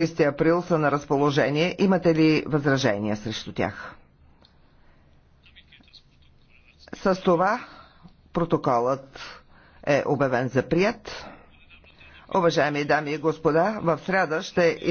30 април са на разположение. Имате ли възражения срещу тях? С това протоколът е обявен за прият. Уважаеми дами и господа, в среда ще